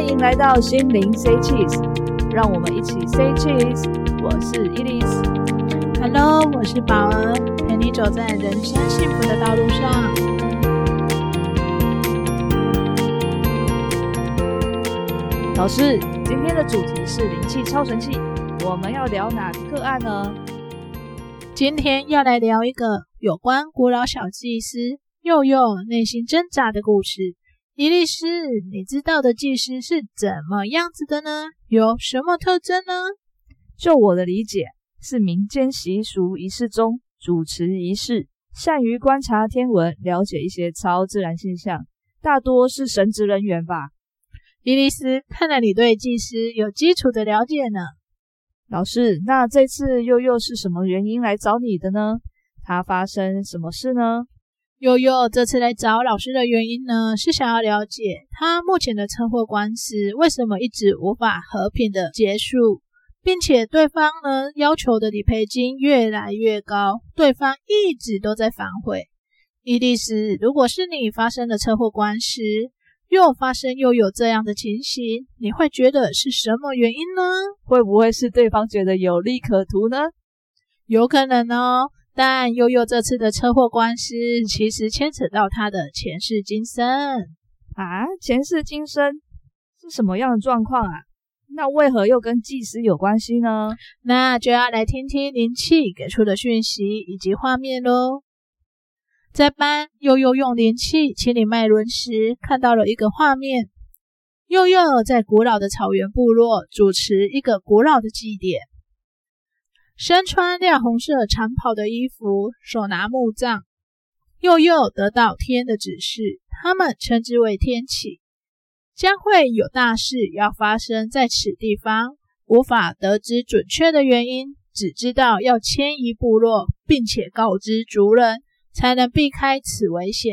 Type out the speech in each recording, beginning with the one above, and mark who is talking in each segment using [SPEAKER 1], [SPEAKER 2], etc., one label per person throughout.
[SPEAKER 1] 歡迎來到心靈 Say Cheese，讓我們一起 Say Cheese。我是 Elise，Hello，我是寶兒，陪你走在人生幸福的道路上。老師，今天的主題是靈氣超神氣，我們要聊哪個案呢？今天要來聊一個有關古老小祭司佑佑內心掙扎的故事。伊莉絲，你知道的祭司是怎麼樣子的呢？有什麼特徵呢？就我的理解，是民間習俗儀式中主持儀式，善於觀察天文，了解一些超自然現象，大多是神職人員吧。伊莉絲，看來你對祭司有基礎的了解呢。老師，那這次又又是什麼原因來找你的呢？他發生什麼事呢？佑佑這次來找老師的原因呢，是想要了解他目前的車禍官司為什麼一直無法和平地結束，並且對方呢要求的理賠金越來越高，對方一直都在反悔。伊莉絲，如果是你發生了車禍官司，又發生又有這樣的情形，你會覺得是什麼原因呢？會不會是對方覺得有利可圖呢？有可能哦。但悠悠這次的車禍官司，其實牽扯到他的前世今生啊！前世今生是什麼樣的狀況啊？那為何又跟祭司有關係呢？那就要來聽聽靈氣給出的訊息以及畫面嘍。在幫悠悠用靈氣清理脈輪時，看到了一個畫面：悠悠在古老的草原部落主持一個古老的祭典。身穿亮紅色長袍的衣服，手拿木杖。佑佑得到天的指示，他們稱之為天啟，將會有大事要發生在此地方。無法得知準確的原因，只知道要遷移部落，並且告知族人，才能避開此危險。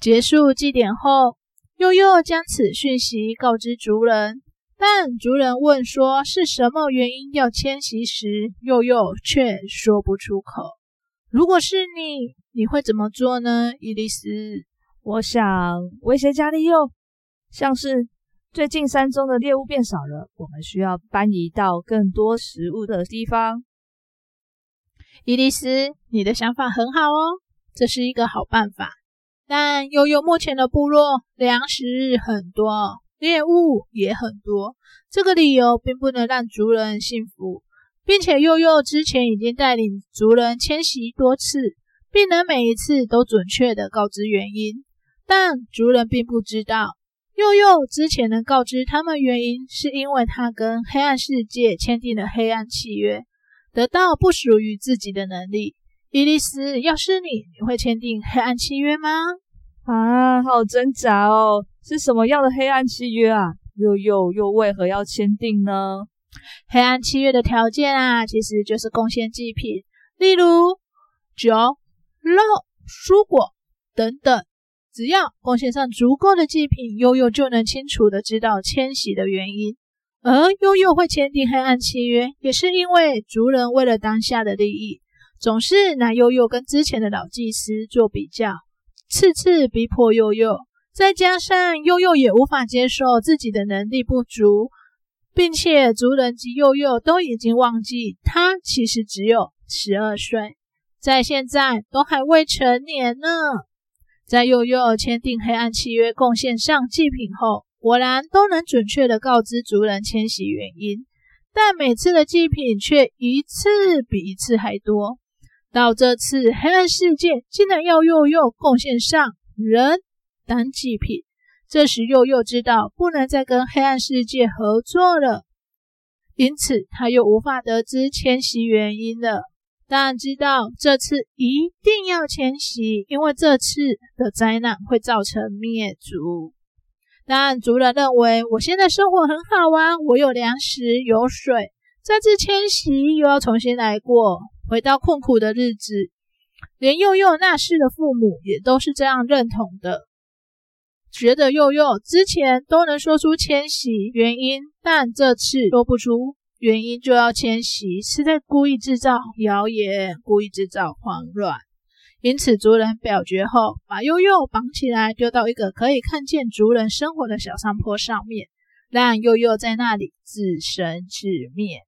[SPEAKER 1] 結束祭典後，佑佑將此訊息告知族人。但族人問說是什麼原因要遷徙時，佑佑卻說不出口。如果是你，你會怎麼做呢？伊莉絲，我想威脅加利誘，像是最近山中的獵物變少了，我們需要搬移到更多食物的地方。伊莉絲，你的想法很好哦，這是一個好辦法。但佑佑目前的部落糧食很多。獵物也很多，這個理由並不能讓族人信服，並且佑佑之前已經帶領族人遷徙多次，並能每一次都準確地告知原因，但族人並不知道佑佑之前能告知他們原因，是因為他跟黑暗世界簽訂了黑暗契約，得到不屬於自己的能力。伊莉絲，要是你，你會簽訂黑暗契約嗎？啊，好掙扎哦！是什麼樣的黑暗契約啊？佑佑又為何要簽訂呢？黑暗契約的條件啊，其實就是貢獻祭品，例如酒、肉、蔬果等等。只要貢獻上足夠的祭品，佑佑就能清楚地知道遷徙的原因。而佑佑會簽訂黑暗契約，也是因為族人為了當下的利益，總是拿佑佑跟之前的老祭司做比較。次次逼迫佑佑，再加上佑佑也無法接受自己的能力不足，並且族人及佑佑都已經忘記他其實只有十二歲，在現在都還未成年呢。在佑佑簽訂黑暗契約、貢獻上祭品後，果然都能準確地告知族人遷徙原因，但每次的祭品卻一次比一次還多。到這次黑暗世界竟然要佑佑貢獻上人當祭品，這時佑佑知道不能再跟黑暗世界合作了，因此他又無法得知遷徙原因了。當然知道這次一定要遷徙，因為這次的災難會造成滅族。但族人認為我現在生活很好啊，我有糧食有水，再次遷徙又要重新來過。回到困苦的日子，連佑佑那世的父母也都是這樣認同的，覺得佑佑之前都能說出遷徙原因，但這次說不出原因就要遷徙，是在故意制造謠言，故意制造慌亂。因此，族人表決後，把佑佑綁起來，丟到一個可以看見族人生活的小山坡上面，讓佑佑在那裡自生自滅。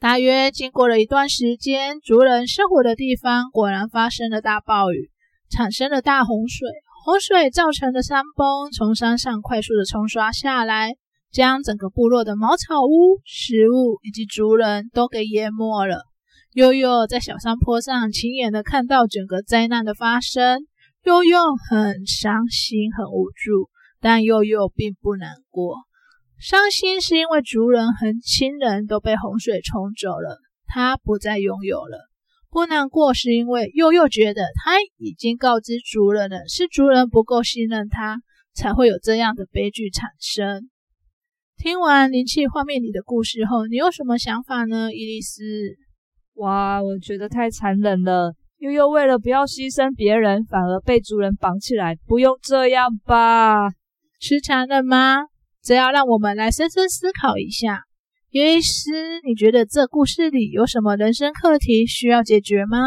[SPEAKER 1] 大約經過了一段時間，族人生活的地方果然發生了大暴雨，產生了大洪水。洪水造成的山崩從山上快速的沖刷下來，將整個部落的茅草屋、食物以及族人都給淹沒了。佑佑在小山坡上親眼的看到整個災難的發生，佑佑很傷心，很無助，但佑佑並不難過。傷心是因為族人和親人都被洪水沖走了，他不再擁有了；不難過是因為佑佑覺得他已經告知族人了，是族人不夠信任他，才會有這樣的悲劇產生。聽完靈氣畫面裡的故事後，你有什麼想法呢，伊莉絲？哇，我覺得太殘忍了。佑佑為了不要犧牲別人，反而被族人綁起來，不用這樣吧？是殘忍嗎？只要讓我們來深深思考一下。醫師，你覺得這故事裡有什麼人生課題需要解決嗎？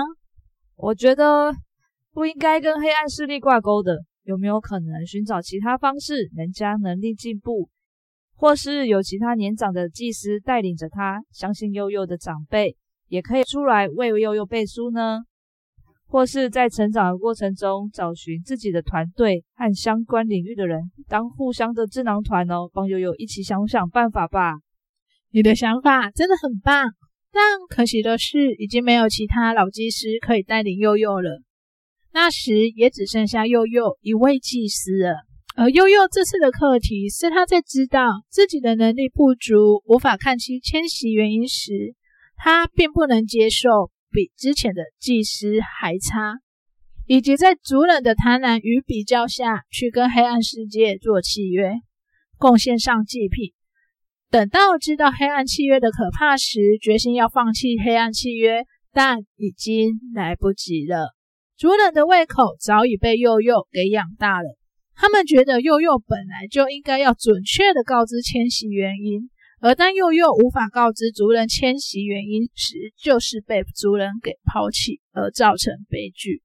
[SPEAKER 1] 我覺得不應該跟黑暗勢力掛鈎的。有沒有可能尋找其他方式，能將能力進步，或是有其他年長的祭司帶領着他？相信佑佑的長輩也可以出來為佑佑背書呢？或是在成長的過程中，找尋自己的團隊和相關領域的人，當互相的智囊團哦，幫佑佑一起想想辦法吧。你的想法真的很棒，但可惜的是，已經沒有其他老祭司可以帶領佑佑了。那時也只剩下佑佑一位祭司了。而佑佑這次的課題，是他在知道自己的能力不足，無法看清遷徙原因時，他並不能接受。比之前的祭司還差，以及在族人的貪婪與比較下去跟黑暗世界做契約，貢獻上祭品。等到知道黑暗契約的可怕時，決心要放棄黑暗契約，但已經來不及了。族人的胃口早已被佑佑給養大了，他們覺得佑佑本來就應該要準確的告知遷徙原因。而當佑佑無法告知族人遷徙原因時，就是被族人給拋棄而造成悲劇。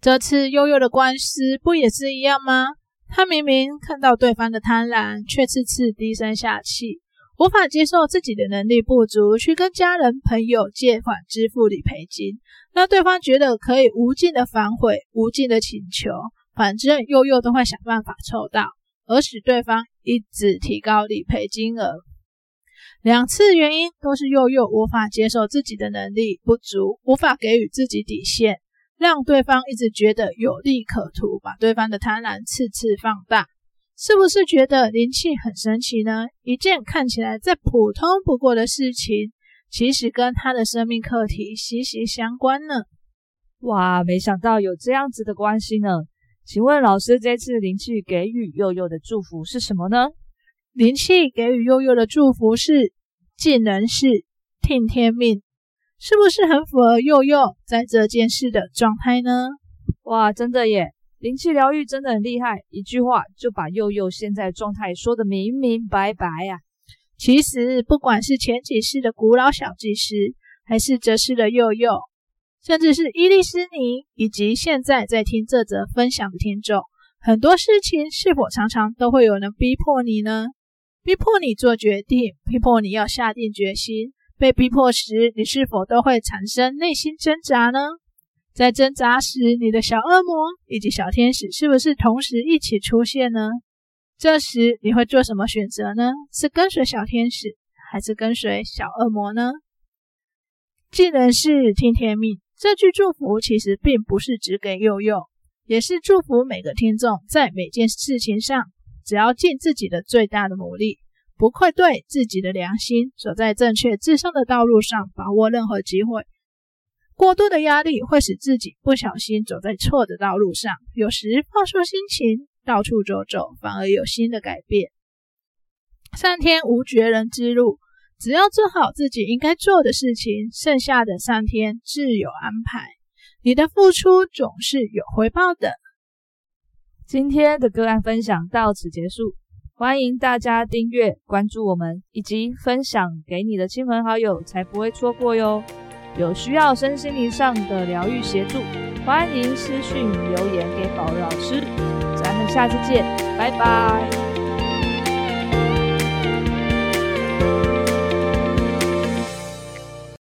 [SPEAKER 1] 這次佑佑的官司不也是一樣嗎？他明明看到對方的貪婪，卻次次低聲下氣，無法接受自己的能力不足，去跟家人朋友借款支付理賠金，讓對方覺得可以無盡的反悔、無盡的請求，反正佑佑都會想辦法湊到。而使對方一直提高理賠金額，兩次原因都是佑佑無法接受自己的能力不足，無法給予自己底線，讓對方一直覺得有利可圖，把對方的貪婪次次放大。是不是覺得靈氣很神奇呢？一件看起來再普通不過的事情，其實跟他的生命課題息息相關呢。哇，沒想到有這樣子的關係呢。請問老師，這次靈氣給予佑佑的祝福是什麼呢？靈氣給予佑佑的祝福是：盡人事，聽天命，是不是很符合佑佑在這件事的狀態呢？哇，真的耶！靈氣療癒真的很厲害，一句話就把佑佑現在狀態說得明明白白啊。其實，不管是前幾世的古老小祭司，還是這世的佑佑。甚至是伊莉絲尼以及現在在聽這則分享的聽眾，很多事情是否常常都會有人逼迫你呢？逼迫你做決定，逼迫你要下定決心。被逼迫時，你是否都會產生內心掙扎呢？在掙扎時，你的小惡魔以及小天使是不是同時一起出現呢？這時你會做什麼選擇呢？是跟隨小天使，還是跟隨小惡魔呢？既然是聽天命。這句祝福其實並不是只給佑佑，也是祝福每個聽眾在每件事情上，只要盡自己的最大的努力，不愧對自己的良心，走在正確自身的道路上，把握任何機會。過度的壓力會使自己不小心走在錯的道路上。有時放鬆心情，到處走走，反而有新的改變。上天無絕人之路。只要做好自己應該做的事情，剩下的上天自有安排。你的付出總是有回報的。今天的個案分享到此結束，歡迎大家訂閱、關注我們，以及分享給你的親朋好友，才不會錯過喲。有需要身心靈上的療癒協助，歡迎私訊留言給寶兒老師。咱們下次見，拜拜。